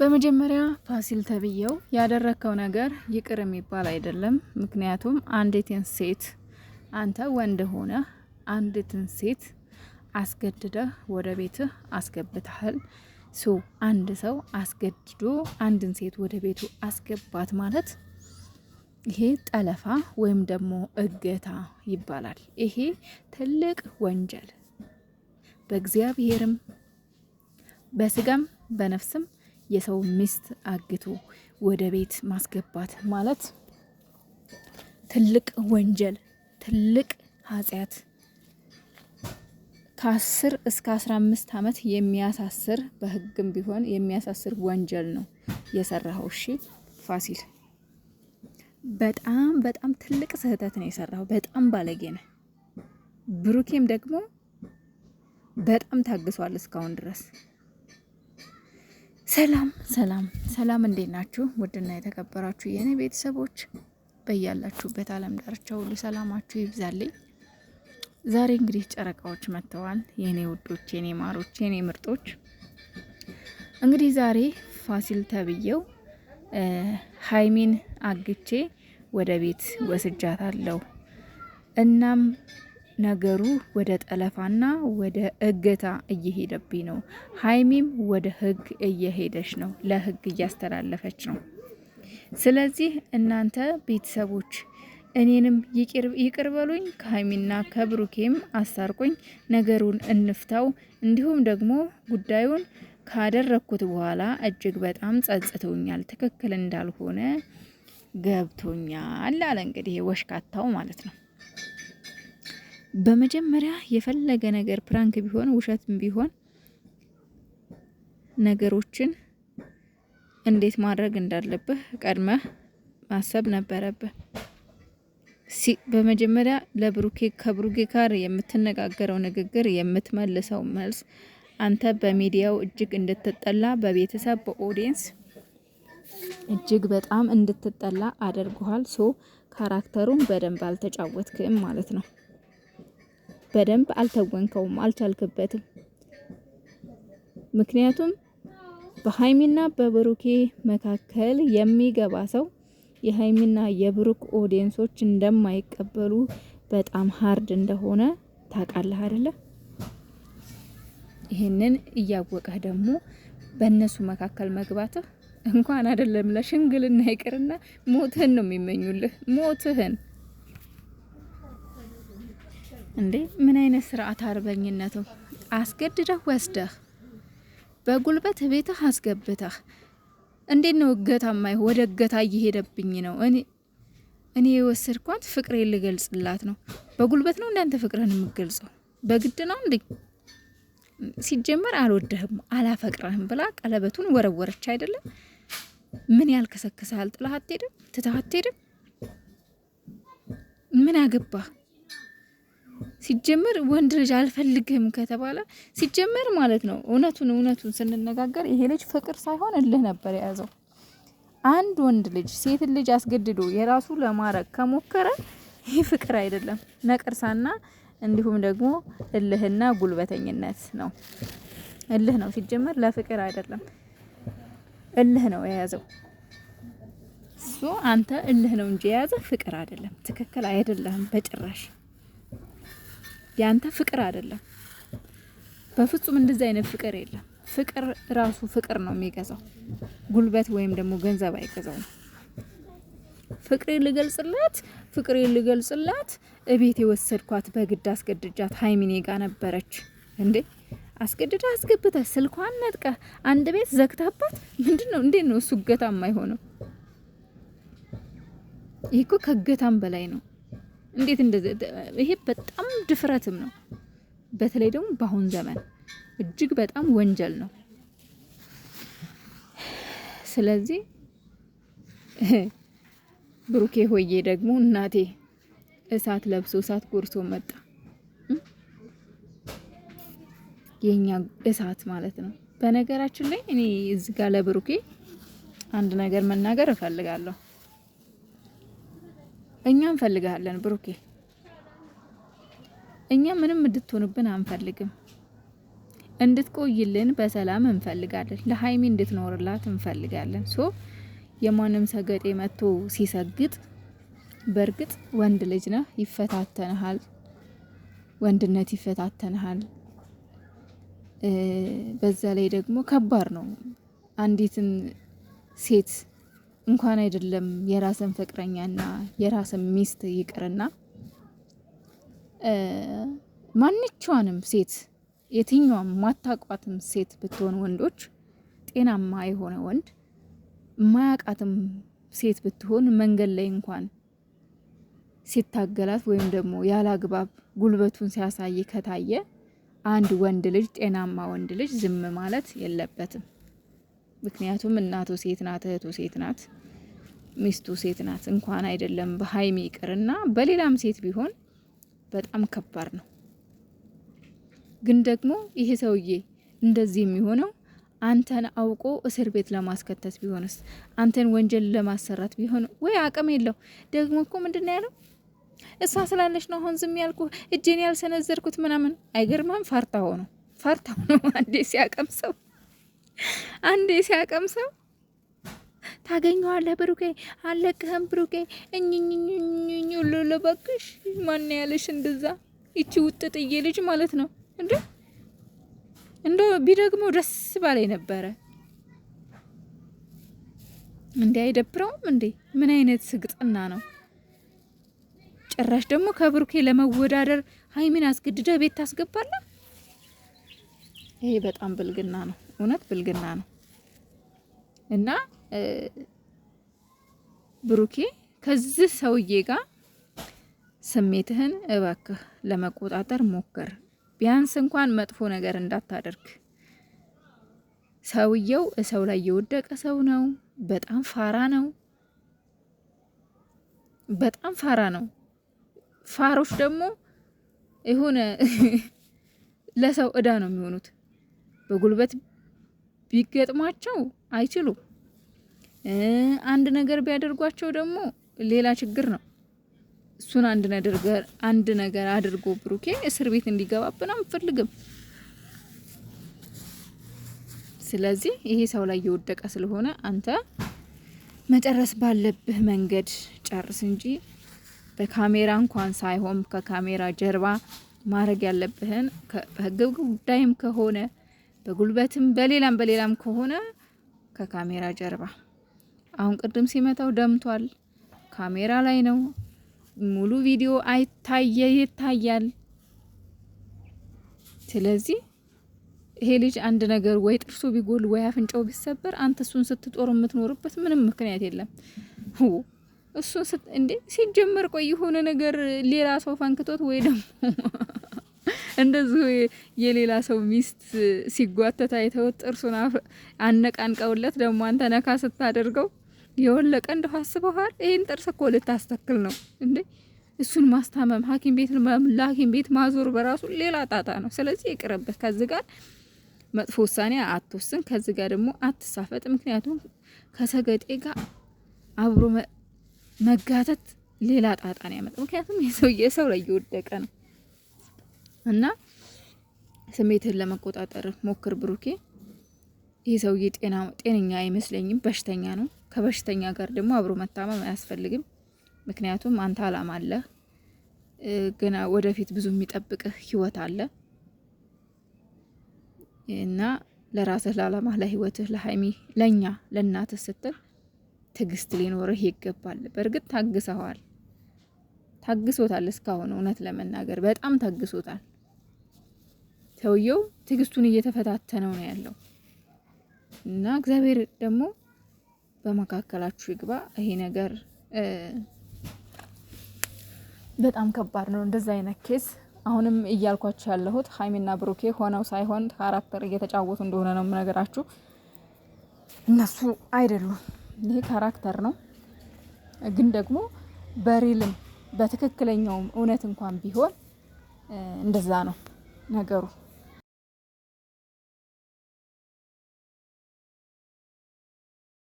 በመጀመሪያ ፋሲል ተብዬው ያደረከው ነገር ይቅር የሚባል አይደለም። ምክንያቱም አንዲትን ሴት አንተ ወንድ ሆነ አንዲትን ሴት አስገድደህ ወደ ቤትህ አስገብተሃል። ሶ አንድ ሰው አስገድዶ አንድን ሴት ወደ ቤቱ አስገባት ማለት ይሄ ጠለፋ ወይም ደግሞ እገታ ይባላል። ይሄ ትልቅ ወንጀል በእግዚአብሔርም በስጋም በነፍስም የሰው ሚስት አግቶ ወደ ቤት ማስገባት ማለት ትልቅ ወንጀል፣ ትልቅ ኃጢአት ከአስር እስከ አስራ አምስት ዓመት የሚያሳስር በህግም ቢሆን የሚያሳስር ወንጀል ነው የሰራኸው። እሺ ፋሲል በጣም በጣም ትልቅ ስህተት ነው የሰራው። በጣም ባለጌ ነህ። ብሩኬም ደግሞ በጣም ታግሷል እስካሁን ድረስ። ሰላም ሰላም ሰላም፣ እንዴት ናችሁ? ውድና የተከበራችሁ የእኔ ቤተሰቦች በያላችሁበት ዓለም ዳርቻ ሁሉ ሰላማችሁ ይብዛልኝ። ዛሬ እንግዲህ ጨረቃዎች መጥተዋል። የእኔ ውዶች፣ የኔ ማሮች፣ የኔ ምርጦች እንግዲህ ዛሬ ፋሲል ተብዬው ሀይሚን አግቼ ወደ ቤት ወስጃታለሁ። እናም ነገሩ ወደ ጠለፋና ወደ እገታ እየሄደብኝ ነው። ሀይሚም ወደ ህግ እየሄደች ነው፣ ለህግ እያስተላለፈች ነው። ስለዚህ እናንተ ቤተሰቦች እኔንም ይቅር በሉኝ፣ ከሀይሚና ከብሩኬም አስታርቁኝ፣ ነገሩን እንፍታው። እንዲሁም ደግሞ ጉዳዩን ካደረግኩት በኋላ እጅግ በጣም ጸጽተውኛል። ትክክል እንዳልሆነ ገብቶኛል አለ። እንግዲህ ወሽካታው ማለት ነው። በመጀመሪያ የፈለገ ነገር ፕራንክ ቢሆን ውሸትም ቢሆን ነገሮችን እንዴት ማድረግ እንዳለብህ ቀድመህ ማሰብ ነበረብህ። በመጀመሪያ ለብሩኬ ከብሩኬ ጋር የምትነጋገረው ንግግር የምትመልሰው መልስ አንተ በሚዲያው እጅግ እንድትጠላ በቤተሰብ በኦዲየንስ እጅግ በጣም እንድትጠላ አድርጓል። ሶ ካራክተሩን በደንብ አልተጫወትክም ማለት ነው። በደንብ አልተወንከውም፣ አልቻልክበትም። ምክንያቱም በሀይሚና በብሩኬ መካከል የሚገባ ሰው የሀይሚና የብሩክ ኦዲየንሶች እንደማይቀበሉ በጣም ሀርድ እንደሆነ ታውቃለህ አይደለ? ይህንን እያወቀህ ደግሞ በእነሱ መካከል መግባትህ እንኳን አይደለም ለሽምግልና ይቅርና ሞትህን ነው የሚመኙልህ። ሞትህን እንዴ! ምን አይነት ስርዓት አርበኝነት አስገድደህ ወስደህ በጉልበት ቤትህ አስገብተህ እንዴት ነው እገታ ወደ እገታ እየሄደብኝ ነው። እኔ እኔ የወሰድኳት ፍቅሬ ልገልጽላት ነው። በጉልበት ነው እንዳንተ ፍቅርህን የምገልጸው በግድ ነው እንዴ? ሲጀመር አልወደህም አላፈቅረህም ብላ ቀለበቱን ወረወረች አይደለም። ምን ያልከሰከሰሃል? ጥላህ አትሄድም? ትተህ አትሄድም? ምን አገባህ? ሲጀመር ወንድ ልጅ አልፈልግህም ከተባለ ሲጀመር ማለት ነው። እውነቱን እውነቱን ስንነጋገር ይሄ ልጅ ፍቅር ሳይሆን እልህ ነበር የያዘው። አንድ ወንድ ልጅ ሴት ልጅ አስገድዶ የራሱ ለማረግ ከሞከረ ይህ ፍቅር አይደለም፣ ነቀርሳና እንዲሁም ደግሞ እልህና ጉልበተኝነት ነው። እልህ ነው ሲጀመር፣ ለፍቅር አይደለም። እልህ ነው የያዘው እሱ። አንተ እልህ ነው እንጂ የያዘ ፍቅር አይደለም። ትክክል አይደለም በጭራሽ። ያንተ ፍቅር አይደለም በፍጹም። እንደዚህ አይነት ፍቅር የለም። ፍቅር ራሱ ፍቅር ነው የሚገዛው፣ ጉልበት ወይም ደግሞ ገንዘብ አይገዛውም። ፍቅሬ ልገልጽላት ፍቅሬ ልገልጽላት እቤት የወሰድኳት በግድ አስገድጃት ሀይሚኔ ጋ ነበረች እንዴ አስገድዳ አስገብተ ስልኳን ነጥቀ አንድ ቤት ዘግታባት ምንድን ነው? እንዴት ነው እሱ እገታ የማይሆነው? ይህ እኮ ከእገታም በላይ ነው። እንዴት እንደዚህ! ይሄ በጣም ድፍረትም ነው። በተለይ ደግሞ በአሁን ዘመን እጅግ በጣም ወንጀል ነው። ስለዚህ ብሩኬ ሆዬ ደግሞ እናቴ እሳት ለብሶ እሳት ጎርሶ መጣ። የኛ እሳት ማለት ነው። በነገራችን ላይ እኔ እዚህ ጋር ለብሩኬ አንድ ነገር መናገር እፈልጋለሁ። እኛ እንፈልግሃለን ብሩኬ፣ እኛ ምንም እንድትሆንብን አንፈልግም። እንድትቆይልን በሰላም እንፈልጋለን። ለሀይሚ እንድትኖርላት እንፈልጋለን። ሶ የማንም ሰገጤ መጥቶ ሲሰግጥ፣ በእርግጥ ወንድ ልጅ ነህ፣ ይፈታተንሃል፣ ወንድነት ይፈታተንሃል። በዛ ላይ ደግሞ ከባድ ነው። አንዲትን ሴት እንኳን አይደለም የራስን ፍቅረኛና የራስን ሚስት ይቅርና ማንቿንም ሴት የትኛዋም ማታቋትም ሴት ብትሆን ወንዶች ጤናማ የሆነ ወንድ ማያቃትም ሴት ብትሆን መንገድ ላይ እንኳን ሲታገላት ወይም ደግሞ ያለ አግባብ ጉልበቱን ሲያሳይ ከታየ አንድ ወንድ ልጅ ጤናማ ወንድ ልጅ ዝም ማለት የለበትም። ምክንያቱም እናቱ ሴት ናት፣ እህቱ ሴት ናት፣ ሚስቱ ሴት ናት። እንኳን አይደለም በሀይሚ ይቅርና በሌላም ሴት ቢሆን በጣም ከባድ ነው። ግን ደግሞ ይሄ ሰውዬ እንደዚህ የሚሆነው አንተን አውቆ እስር ቤት ለማስከተት ቢሆንስ? አንተን ወንጀል ለማሰራት ቢሆን ወይ አቅም የለው ደግሞ እኮ ምንድን ነው ያለው እሷ ስላለች ነው አሁን ዝም ያልኩ እጄን ያልሰነዘርኩት ምናምን። አይገርማም ፋርታ ሆኖ ፋርታ ሆኖ አንዴ ሲያቀምሰው አንዴ ሲያቀምሰው ታገኘዋለህ ብሩኬ፣ አለቅህም ብሩኬ። እኝኝኝኝኝ ሉሉ በቅሽ ማን ያለሽ እንደዛ? ይቺ ውጥጥዬ ልጅ ማለት ነው እንዴ! እንዶ ቢደግሞ ደስ ባላይ ነበረ። እንዴ አይደብረውም እንዴ? ምን አይነት ስግጥና ነው? ጭራሽ ደግሞ ከብሩኬ ለመወዳደር ሀይሚን አስገድደ ቤት ታስገባለ። ይሄ በጣም ብልግና ነው፣ እውነት ብልግና ነው። እና ብሩኬ ከዚህ ሰውዬ ጋር ስሜትህን እባክህ ለመቆጣጠር ሞከር ቢያንስ እንኳን መጥፎ ነገር እንዳታደርግ። ሰውየው ሰው ላይ የወደቀ ሰው ነው። በጣም ፋራ ነው። በጣም ፋራ ነው። ፋሮች ደግሞ የሆነ ለሰው እዳ ነው የሚሆኑት። በጉልበት ቢገጥሟቸው አይችሉ፣ አንድ ነገር ቢያደርጓቸው ደግሞ ሌላ ችግር ነው። እሱን አንድ ነገር አንድ ነገር አድርጎ ብሩኬ እስር ቤት እንዲገባብን አንፈልግም። ስለዚህ ይሄ ሰው ላይ እየወደቀ ስለሆነ አንተ መጨረስ ባለብህ መንገድ ጨርስ እንጂ በካሜራ እንኳን ሳይሆን ከካሜራ ጀርባ ማድረግ ያለብህን በህግ ጉዳይም ከሆነ በጉልበትም በሌላም በሌላም ከሆነ ከካሜራ ጀርባ። አሁን ቅድም ሲመታው ደምቷል። ካሜራ ላይ ነው። ሙሉ ቪዲዮ አይታየ ይታያል። ስለዚህ ይሄ ልጅ አንድ ነገር ወይ ጥርሱ ቢጎል ወይ አፍንጫው ቢሰበር አንተ እሱን ስትጦር የምትኖርበት ምንም ምክንያት የለም። እሱ እንዴ ሲጀመር ቆይ የሆነ ነገር ሌላ ሰው ፈንክቶት ወይ ደግሞ እንደዚሁ የሌላ ሰው ሚስት ሲጓተታ የተወጥ ጥርሱን አነቃንቀውለት ደግሞ አንተ ነካ ስታደርገው የወለቀ እንደሁ አስበሃል። ይህን ጥርስ እኮ ልታስተክል ነው እንዴ? እሱን ማስታመም ሐኪም ቤት ለሐኪም ቤት ማዞር በራሱ ሌላ ጣጣ ነው። ስለዚህ ይቅርበት። ከዚ ጋር መጥፎ ውሳኔ አትወስን። ከዚ ጋር ደግሞ አትሳፈጥ። ምክንያቱም ከሰገጤ ጋር አብሮ መጋተት ሌላ ጣጣ ነው ያመጣ። ምክንያቱም የሰውዬ ሰው ላይ እየወደቀ ነው እና ስሜትህን ለመቆጣጠር ሞክር ብሩኬ። ይህ ሰውዬ ጤነኛ አይመስለኝም፣ በሽተኛ ነው። ከበሽተኛ ጋር ደግሞ አብሮ መታመም አያስፈልግም። ምክንያቱም አንተ አላማ አለህ፣ ገና ወደፊት ብዙ የሚጠብቅህ ህይወት አለ እና ለራስህ ለአላማ ለህይወትህ ለሀይሚ ለእኛ ለእናትህ ስትል ትዕግስት ሊኖርህ ይገባል። በእርግጥ ታግሰዋል፣ ታግሶታል። እስካሁን እውነት ለመናገር በጣም ታግሶታል። ሰውየው ትዕግስቱን እየተፈታተነው ነው ያለው እና እግዚአብሔር ደግሞ በመካከላችሁ ይግባ። ይሄ ነገር በጣም ከባድ ነው። እንደዛ አይነት ኬስ አሁንም እያልኳቸው ያለሁት ሀይሜና ብሩኬ ሆነው ሳይሆን ካራክተር እየተጫወቱ እንደሆነ ነው የምነግራችሁ። እነሱ አይደሉም። ይሄ ካራክተር ነው። ግን ደግሞ በሪልም በትክክለኛውም እውነት እንኳን ቢሆን እንደዛ ነው ነገሩ።